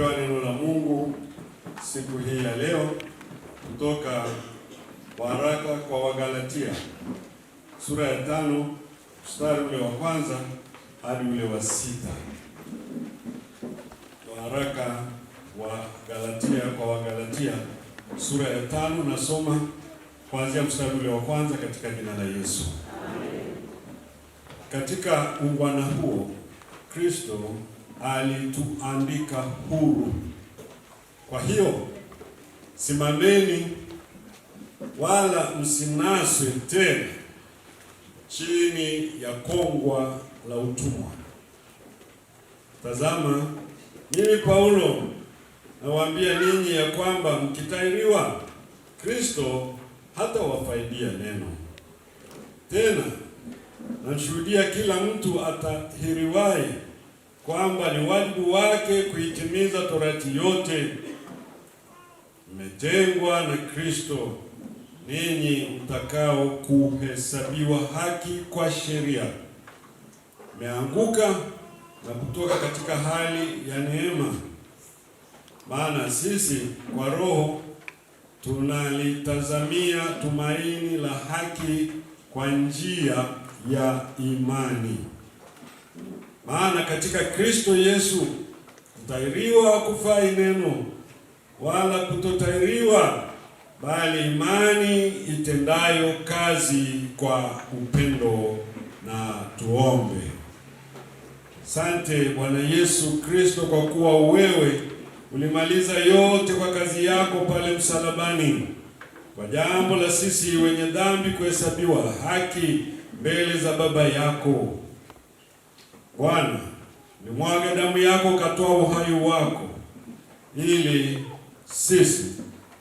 tumepewa neno la Mungu siku hii ya leo kutoka waraka kwa Wagalatia sura ya tano mstari ule wa kwanza hadi ule wa sita. Waraka wa Galatia kwa Wagalatia sura ya tano, nasoma kuanzia mstari ule wa kwanza katika jina la Yesu. Amen. Katika ungwana huo Kristo alituandika huru. Kwa hiyo simameni, wala msinaswe tena chini ya kongwa la utumwa. Tazama, mimi Paulo nawaambia ninyi ya kwamba mkitahiriwa, Kristo hata wafaidia neno tena. Namshuhudia kila mtu atahiriwaye kwamba ni wajibu wake kuitimiza torati yote. imetengwa na Kristo ninyi mtakao kuhesabiwa haki kwa sheria, mmeanguka na kutoka katika hali ya neema. Maana sisi kwa roho tunalitazamia tumaini la haki kwa njia ya imani. Maana katika Kristo Yesu kutahiriwa kufai neno wala kutotahiriwa, bali imani itendayo kazi kwa upendo. Na tuombe. Asante Bwana Yesu Kristo, kwa kuwa wewe ulimaliza yote kwa kazi yako pale msalabani, kwa jambo la sisi wenye dhambi kuhesabiwa haki mbele za Baba yako. Bwana, nimwage damu yako, katoa uhai wako ili sisi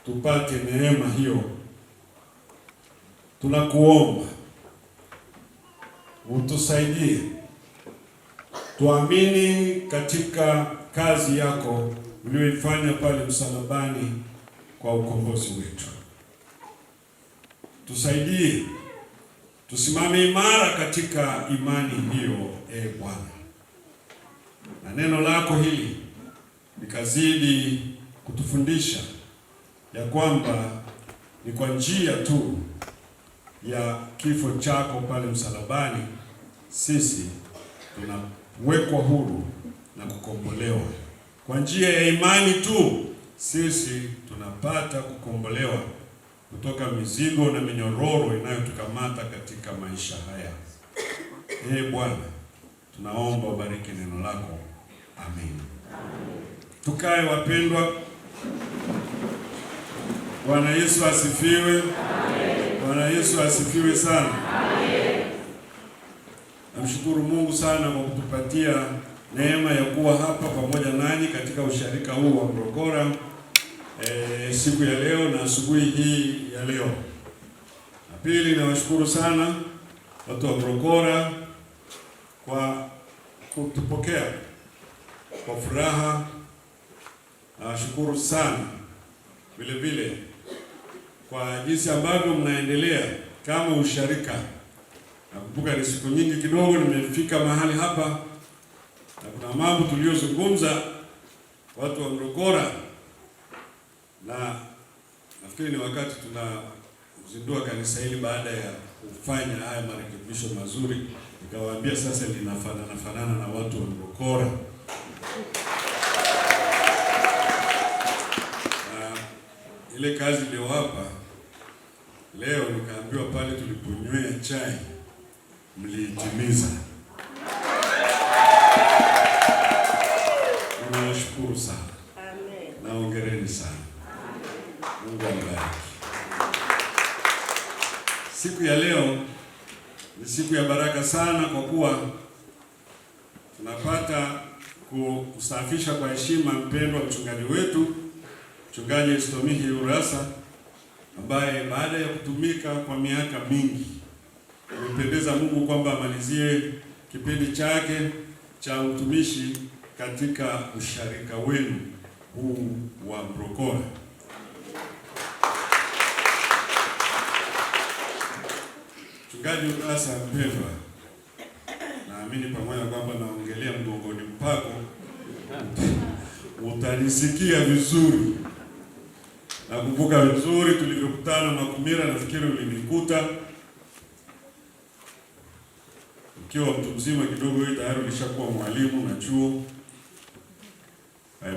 tupate neema hiyo. Tunakuomba utusaidie tuamini katika kazi yako uliyoifanya pale msalabani kwa ukombozi wetu. Tusaidie Tusimame imara katika imani hiyo, e Bwana, na neno lako hili likazidi kutufundisha ya kwamba ni kwa njia tu ya kifo chako pale msalabani sisi tunawekwa huru na kukombolewa. Kwa njia ya imani tu sisi tunapata kukombolewa kutoka mizigo na minyororo inayotukamata katika maisha haya. Ee Bwana, tunaomba ubariki neno lako, amen. Tukae wapendwa. Bwana Yesu asifiwe, amen. Bwana Yesu asifiwe sana, amen. Namshukuru Mungu sana kwa kutupatia neema ya kuwa hapa pamoja nanyi katika usharika huu wa Mrogora e, siku ya leo na asubuhi hii ya leo. Na pili, nawashukuru sana watu wa Mrokora kwa kutupokea kwa furaha. Nawashukuru sana vile vile kwa jinsi ambavyo mnaendelea kama usharika. Nakumbuka ni siku nyingi kidogo nimefika mahali hapa, na kuna mambo tuliyozungumza watu wa Mrokora na nafikiri ni wakati tunazindua kanisa hili baada ya kufanya haya marekebisho mazuri, nikawaambia sasa linafanana fanana na watu wa Ngokora ile kazi iliyowapa leo, nikaambiwa pale tuliponywea chai mliitimiza. baraka sana kwa kuwa tunapata kusafisha kwa heshima mpendwa mchungaji wetu Mchungaji Stomihi Urasa ambaye baada ya kutumika kwa miaka mingi amependeza Mungu kwamba amalizie kipindi chake cha utumishi katika usharika wenu huu wa Mrokora. Mchungaji Urassa mpendwa naamini pamoja kwamba naongelea mgongoni mpako utanisikia vizuri. Nakumbuka vizuri tulivyokutana Makumira, nafikiri ulinikuta ukiwa mtu mzima kidogo, hii tayari ulishakuwa mwalimu na chuo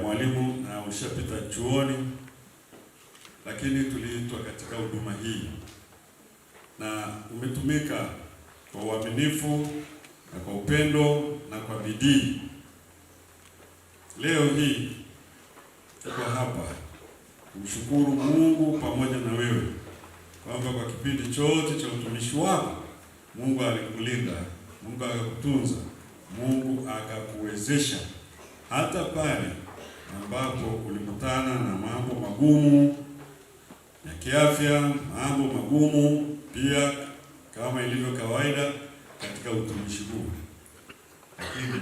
mwalimu na ushapita chuoni, lakini tuliitwa katika huduma hii na umetumika kwa uaminifu na kwa upendo na kwa bidii. Leo hii tuko hapa kumshukuru Mungu pamoja na wewe kwamba kwa kipindi chote cha utumishi wako Mungu alikulinda, Mungu akakutunza, Mungu akakuwezesha hata pale ambapo ulikutana na mambo magumu ya kiafya, mambo magumu pia, kama ilivyo kawaida katika utumishi huu, lakini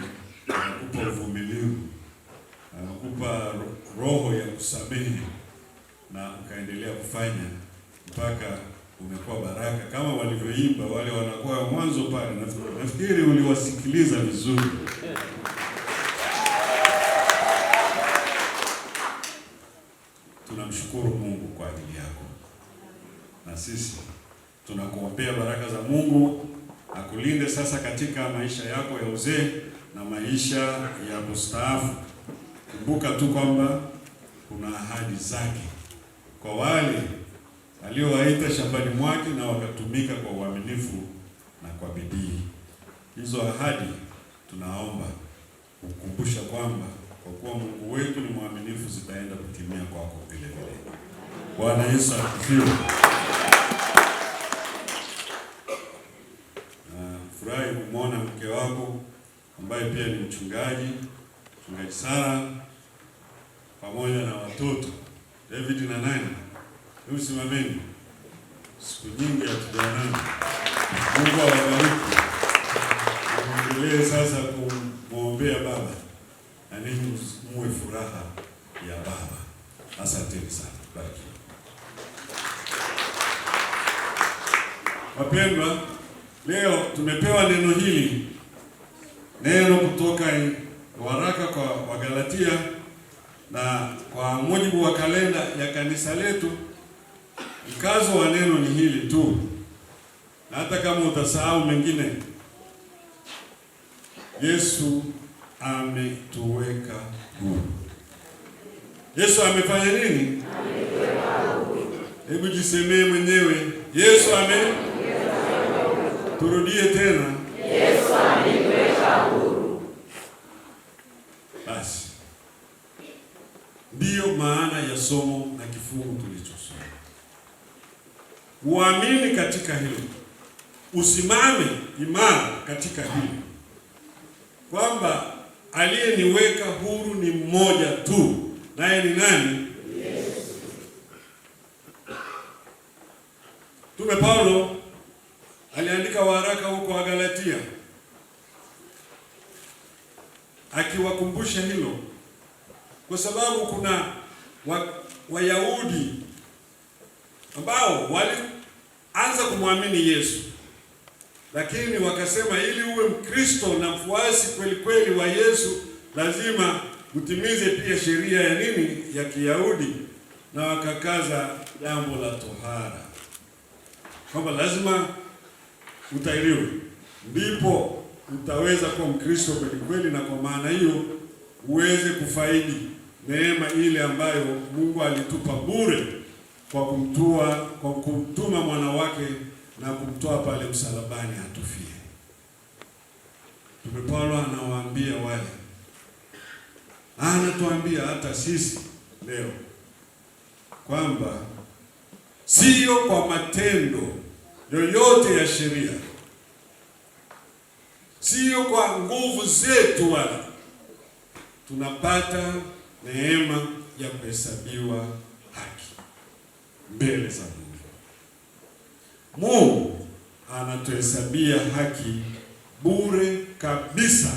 anakupa eh, uvumilivu, anakupa eh, roho ya kusamehe na ukaendelea kufanya mpaka umekuwa baraka, kama walivyoimba wale wanakuwa mwanzo pale. Nafikiri uliwasikiliza vizuri. Tunamshukuru Mungu kwa ajili yako, na sisi tunakuombea baraka za Mungu akulinde sasa katika maisha yako ya uzee na maisha ya kustaafu. Kumbuka tu kwamba kuna ahadi zake kwa wale aliowaita shambani mwake na wakatumika kwa uaminifu na kwa bidii. Hizo ahadi tunaomba kukumbusha kwamba kwa kuwa Mungu wetu ni mwaminifu, zitaenda kutimia kwako vile vile. Bwana Yesu asifiwe. ambaye umemwona mke wako ambaye pia ni mchungaji, mchungaji Sara pamoja na watoto David na nani, simameni. Siku nyingi hatujaonana. Mungu awabariki. Tuendelee sasa kumwombea baba na ninyi muwe furaha ya baba. Asanteni sana, bariki wapendwa. Leo tumepewa neno hili, neno kutoka waraka kwa Wagalatia, na kwa mujibu wa kalenda ya kanisa letu, mkazo wa neno ni hili tu, na hata kama utasahau mengine, Yesu ametuweka huru. Yesu amefanya nini? Ametuweka huru. Hebu jisemee mwenyewe, Yesu ame turudie tena, Yesu alituweka huru. Basi ndiyo maana ya somo na kifungu tulichosoma. Uamini katika hilo, usimame imara katika hilo, kwamba aliyeniweka huru ni mmoja tu, naye ni nani? Yesu. Tume Paulo aliandika waraka huko galatia akiwakumbusha hilo, kwa sababu kuna Wayahudi ambao walianza kumwamini Yesu, lakini wakasema ili uwe Mkristo na mfuasi kweli kweli wa Yesu lazima utimize pia sheria ya nini ya Kiyahudi, na wakakaza jambo la tohara kwamba lazima utahiriwe, ndipo utaweza kuwa Mkristo kweli kweli, na kwa maana hiyo uweze kufaidi neema ile ambayo Mungu alitupa bure kwa kumtua, kwa kumtuma mwana wake na kumtoa pale msalabani atufie. Mtume Paulo anawaambia wale, anatuambia hata sisi leo kwamba sio kwa matendo yoyote ya sheria, sio kwa nguvu zetu, wala tunapata neema ya kuhesabiwa haki mbele za Mungu. Mungu anatuhesabia haki bure kabisa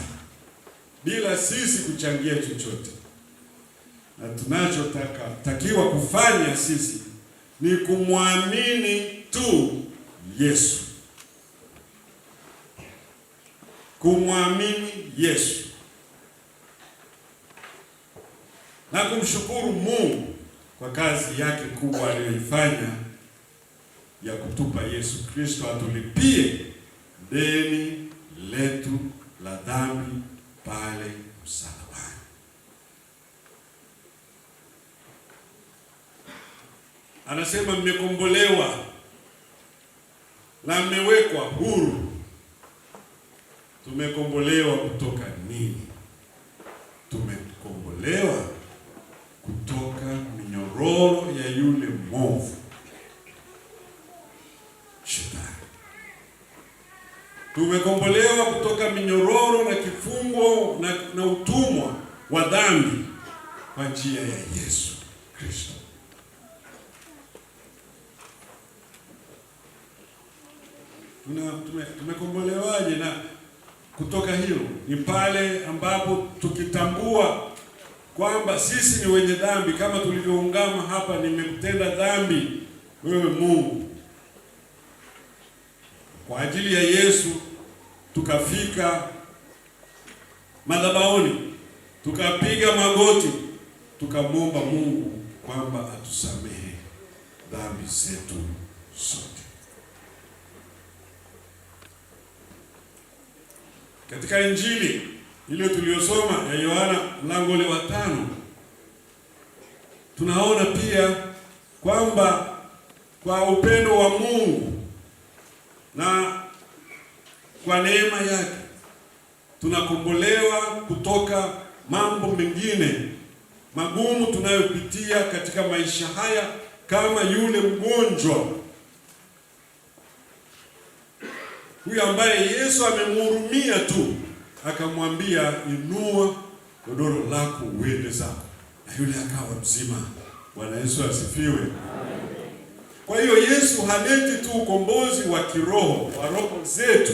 bila sisi kuchangia chochote, na tunachotaka takiwa kufanya sisi ni kumwamini tu Yesu, kumwamini Yesu na kumshukuru Mungu kwa kazi yake kubwa aliyoifanya ya kutupa Yesu Kristo atulipie deni letu la dhambi pale msalabani. Anasema mmekombolewa na mmewekwa huru. Tumekombolewa kutoka nini? Tumekombolewa kutoka minyororo ya yule mwovu Shetani. Tumekombolewa kutoka minyororo na kifungo na, na utumwa wa dhambi kwa njia ya Yesu Kristo. tumekombolewaje? Na kutoka hilo ni pale ambapo tukitambua kwamba sisi ni wenye dhambi, kama tulivyoungama hapa, nimekutenda dhambi wewe Mungu. Kwa ajili ya Yesu tukafika madhabahuni, tukapiga magoti, tukamwomba Mungu kwamba atusamehe dhambi zetu sote. Katika Injili ile tuliyosoma ya Yohana mlango ule wa tano tunaona pia kwamba kwa upendo wa Mungu na kwa neema yake tunakombolewa kutoka mambo mengine magumu tunayopitia katika maisha haya, kama yule mgonjwa huyu ambaye Yesu amemhurumia tu, akamwambia inua godoro lako uende zako, na yule akawa mzima. Bwana Yesu asifiwe. Kwa hiyo Yesu haleti tu ukombozi wa kiroho wa roho zetu,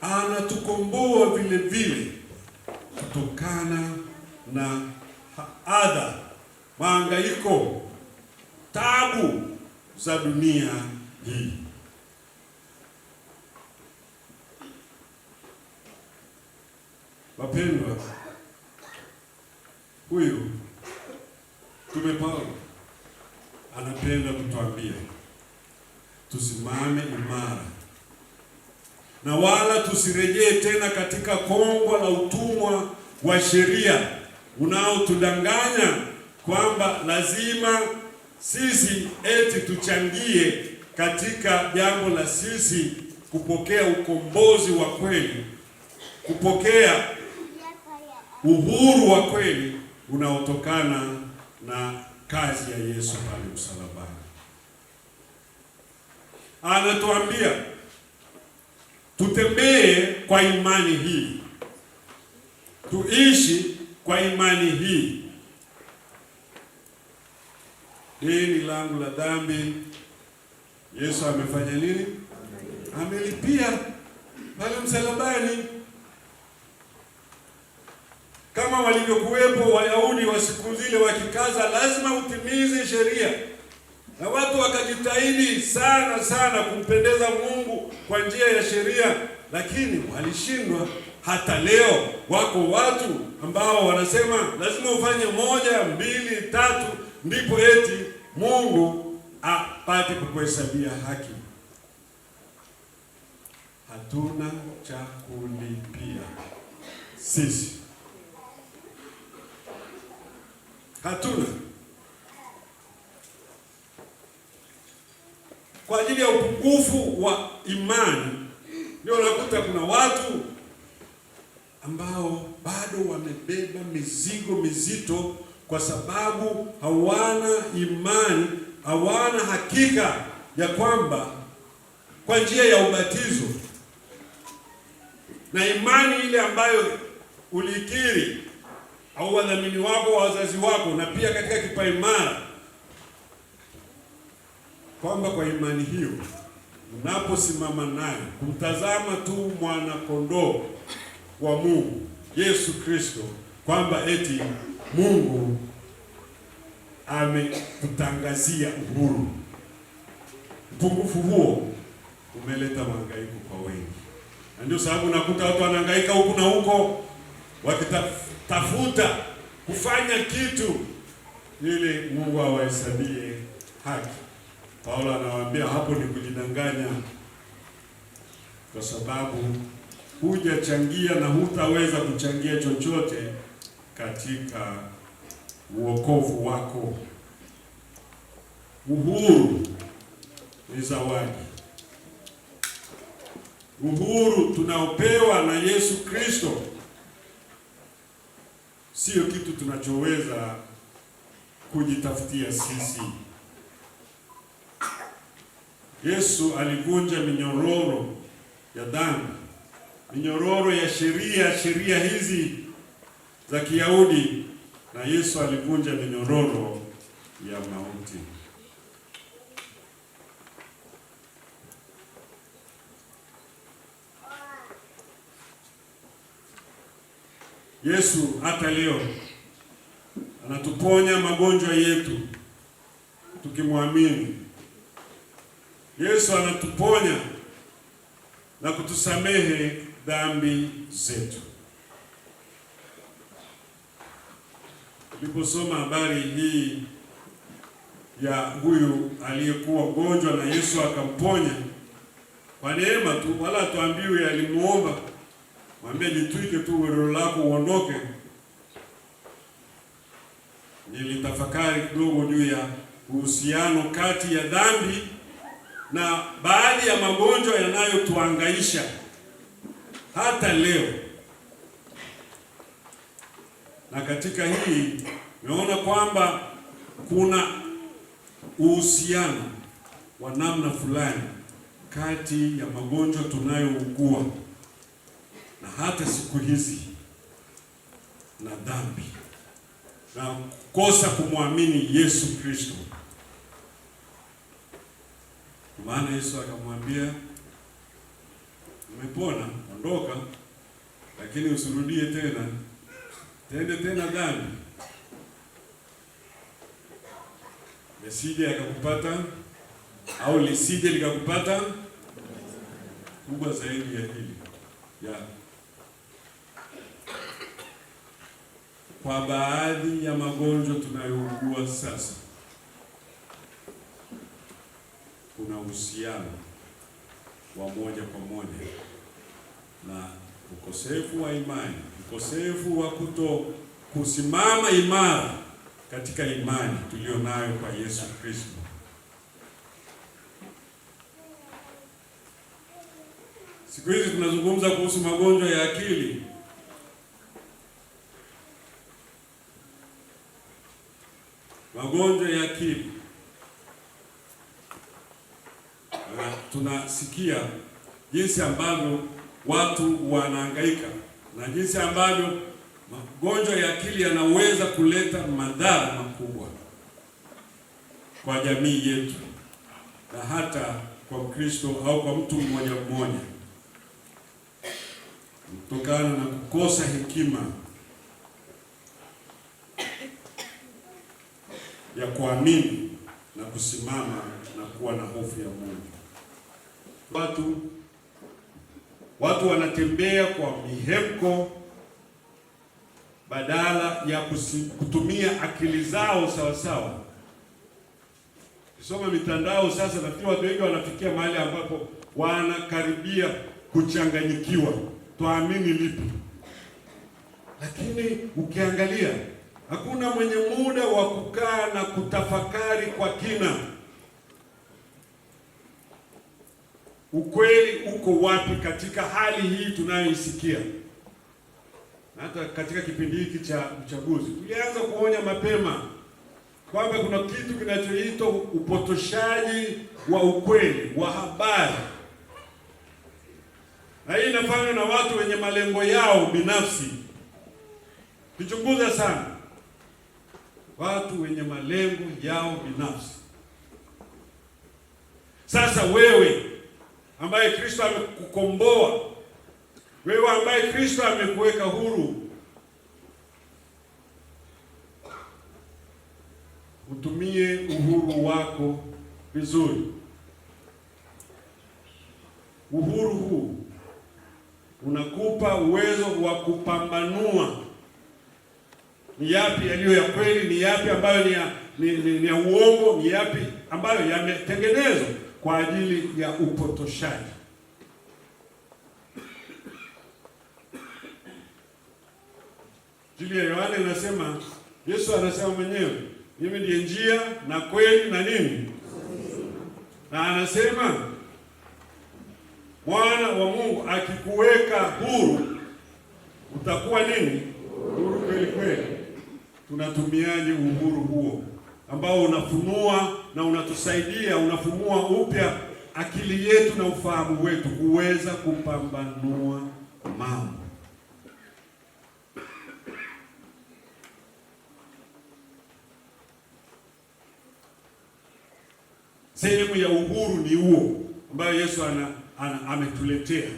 anatukomboa vile vile kutokana na adha, maangaiko, tabu za dunia hii. Wapendwa, huyu Mtume Paulo anapenda kutuambia tusimame imara na wala tusirejee tena katika kongwa la utumwa wa sheria unaotudanganya kwamba lazima sisi eti tuchangie katika jambo la sisi kupokea ukombozi wa kweli, kupokea uhuru wa kweli unaotokana na kazi ya Yesu pale msalabani. Anatuambia tutembee kwa imani hii, tuishi kwa imani hii. Deni langu la dhambi Yesu amefanya nini? Amelipia pale msalabani kama walivyokuwepo Wayahudi wa siku zile wakikaza, lazima utimize sheria, na watu wakajitahidi sana sana kumpendeza Mungu kwa njia ya sheria, lakini walishindwa. Hata leo wako watu ambao wanasema lazima ufanye moja, mbili, tatu, ndipo eti Mungu apate kukuhesabia haki. Hatuna cha kulipia sisi hatuna kwa ajili ya upungufu wa imani. Ndio unakuta kuna watu ambao bado wamebeba mizigo mizito, kwa sababu hawana imani, hawana hakika ya kwamba kwa njia ya ubatizo na imani ile ambayo ulikiri au wadhamini wako wa wazazi wako, na pia katika kipaimara, kwamba kwa imani hiyo unaposimama naye kumtazama tu mwana kondoo wa Mungu Yesu Kristo, kwamba eti Mungu amekutangazia uhuru. Upungufu huo umeleta mahangaiko kwa wengi, na ndio sababu nakuta watu wanahangaika huku na huko wakitafuta kufanya kitu ili Mungu awahesabie haki. Paulo anawaambia hapo ni kujidanganya, kwa sababu hujachangia na hutaweza kuchangia chochote katika uokovu wako. Uhuru ni zawadi. Uhuru tunaopewa na Yesu Kristo sio kitu tunachoweza kujitafutia sisi. Yesu alivunja minyororo ya dhambi, minyororo ya sheria, sheria hizi za Kiyahudi, na Yesu alivunja minyororo ya mauti. Yesu hata leo anatuponya magonjwa yetu tukimwamini. Yesu anatuponya na kutusamehe dhambi zetu. Niliposoma habari hii ya huyu aliyekuwa mgonjwa na Yesu akamponya kwa neema tu, wala tuambiwe alimuomba Mwambie jitwike tu godoro lako uondoke. Nilitafakari kidogo juu ya uhusiano kati ya dhambi na baadhi ya magonjwa yanayotuangaisha hata leo, na katika hii naona kwamba kuna uhusiano wa namna fulani kati ya magonjwa tunayougua na hata siku hizi na dhambi na kukosa kumwamini Yesu Kristo. Maana Yesu akamwambia, umepona, ondoka, lakini usirudie tena tende tena dhambi, lisije akakupata au lisije likakupata kubwa zaidi ya hili ya kwa baadhi ya magonjwa tunayougua sasa, kuna uhusiano wa moja kwa moja na ukosefu wa imani, ukosefu wa kuto kusimama imara katika imani tuliyo nayo kwa Yesu Kristo. Siku hizi tunazungumza kuhusu magonjwa ya akili. magonjwa ya akili. Tunasikia jinsi ambavyo watu wanahangaika na jinsi ambavyo magonjwa ya akili yanaweza kuleta madhara makubwa kwa jamii yetu na hata kwa Mkristo au kwa mtu mmoja mmoja, kutokana na kukosa hekima ya kuamini na kusimama na kuwa na hofu ya Mungu. Watu watu wanatembea kwa mihemko badala ya kutumia akili zao sawa sawa. Kisoma mitandao sasa, nafikiri watu wengi wanafikia mahali ambapo wanakaribia kuchanganyikiwa, twaamini lipi? Lakini ukiangalia Hakuna mwenye muda wa kukaa na kutafakari kwa kina, ukweli uko wapi katika hali hii tunayoisikia. hata katika kipindi hiki cha uchaguzi tulianza kuonya mapema kwamba kuna kitu kinachoitwa upotoshaji wa ukweli wa habari, na hii inafanywa na watu wenye malengo yao binafsi. kichunguza sana watu wenye malengo yao binafsi. Sasa wewe ambaye Kristo amekukomboa, wewe ambaye Kristo amekuweka huru, utumie uhuru wako vizuri. Uhuru huu unakupa uwezo wa kupambanua ni yapi yaliyo ya kweli, ni yapi ambayo ni ya, ni, ni, ni ya uongo, ni yapi ambayo yametengenezwa kwa ajili ya upotoshaji. Injili ya Yohana inasema, Yesu anasema mwenyewe, mimi ndiye njia na kweli na nini, na anasema mwana wa Mungu akikuweka huru utakuwa nini, huru kweli kweli tunatumiaje uhuru huo ambao unafunua na unatusaidia, unafunua upya akili yetu na ufahamu wetu kuweza kupambanua mambo. Sehemu ya uhuru ni huo ambayo Yesu ana, ana, ametuletea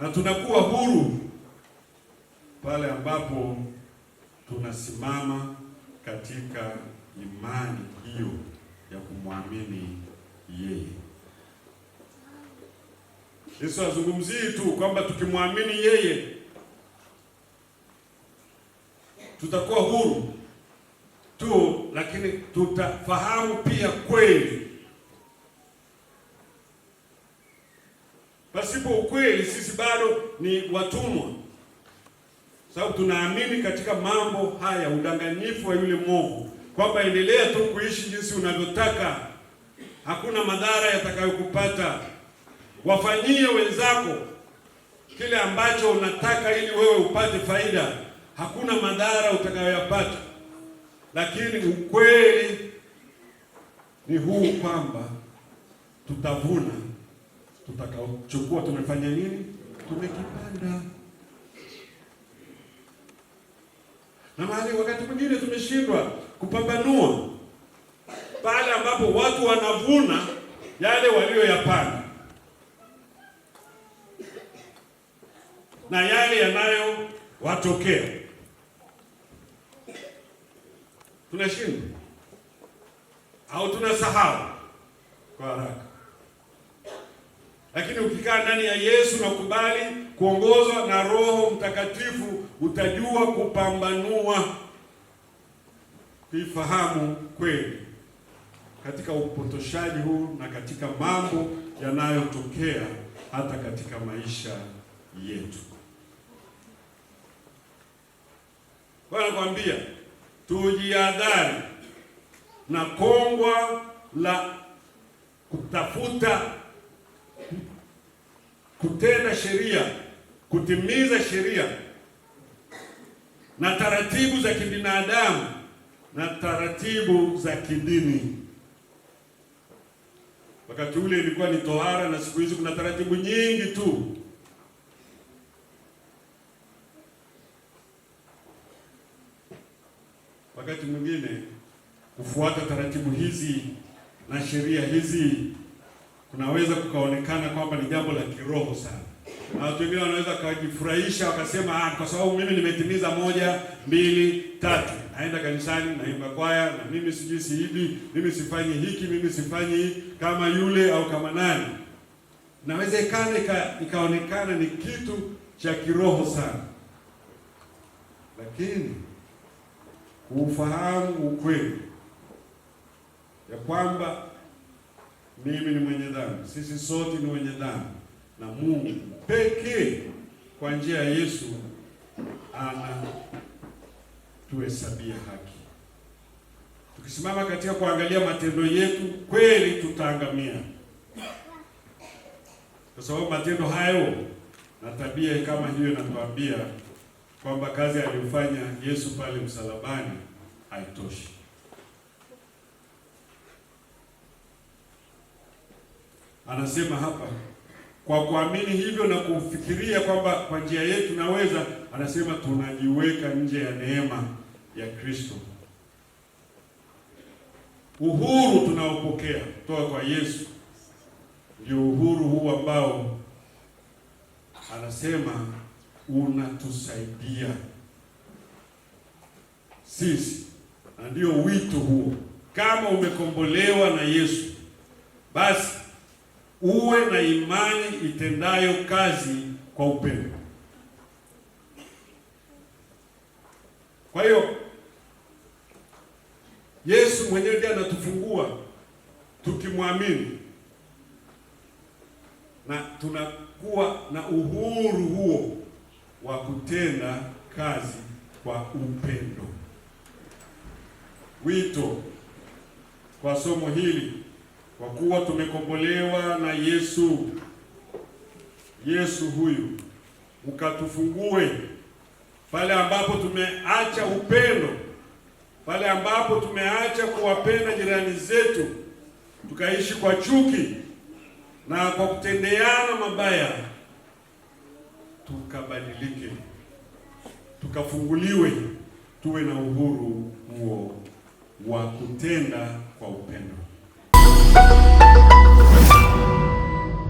na tunakuwa huru pale ambapo tunasimama katika imani hiyo ya kumwamini yeye. Yesu azungumzii tu kwamba tukimwamini yeye tutakuwa huru tu, lakini tutafahamu pia kweli. Pasipo ukweli, sisi bado ni watumwa sababu tunaamini katika mambo haya, udanganyifu wa yule mwovu, kwamba endelea tu kuishi jinsi unavyotaka, hakuna madhara yatakayokupata. Wafanyie wenzako kile ambacho unataka ili wewe upate faida, hakuna madhara utakayoyapata. Lakini ukweli ni huu kwamba tutavuna tutakaochukua tumefanya nini, tumekipanda. na mahali wakati mwingine tumeshindwa kupambanua pale ambapo watu wanavuna yale walioyapanda na yale yanayowatokea, tunashindwa au tunasahau kwa haraka. Lakini ukikaa ndani ya Yesu na kukubali kuongozwa na Roho Mtakatifu utajua kupambanua kuifahamu kweli katika upotoshaji huu na katika mambo yanayotokea hata katika maisha yetu. Kwa nakwambia tujiadhari na kongwa la kutafuta kutenda sheria, kutimiza sheria na taratibu za kibinadamu na taratibu za kidini. Wakati ule ilikuwa ni tohara, na siku hizi kuna taratibu nyingi tu. Wakati mwingine kufuata taratibu hizi na sheria hizi kunaweza kukaonekana kwamba ni jambo la kiroho sana na watu wengine wanaweza kujifurahisha wakasema, ah, kwa sababu mimi nimetimiza moja mbili tatu, naenda kanisani, naimba kwaya, na mimi sijui hivi mimi sifanyi hiki, mimi sifanyi kama yule au kama nani. Nawezekana ikaonekana ni kitu cha kiroho sana, lakini kuufahamu ukweli ya kwamba mimi ni mwenye dhambi, sisi sote ni wenye dhambi na Mungu pekee kwa njia ya Yesu anatuhesabia haki. Tukisimama katika kuangalia matendo yetu, kweli tutaangamia, kwa sababu matendo hayo na tabia kama hiyo inatuambia kwamba kazi aliyofanya Yesu pale msalabani haitoshi. Anasema hapa kwa kuamini hivyo na kufikiria kwamba kwa njia yetu tunaweza, anasema tunajiweka nje ya neema ya Kristo. Uhuru tunaopokea kutoka kwa Yesu ndio uhuru huu ambao anasema unatusaidia sisi, na ndio wito huo. Kama umekombolewa na Yesu basi uwe na imani itendayo kazi kwa upendo. Kwa hiyo Yesu mwenyewe ndiye anatufungua tukimwamini, na tunakuwa na uhuru huo wa kutenda kazi kwa upendo. Wito kwa somo hili kwa kuwa tumekombolewa na Yesu. Yesu huyu ukatufungue pale ambapo tumeacha upendo, pale ambapo tumeacha kuwapenda jirani zetu, tukaishi kwa chuki na kwa kutendeana mabaya, tukabadilike, tukafunguliwe, tuwe na uhuru huo wa kutenda kwa upendo.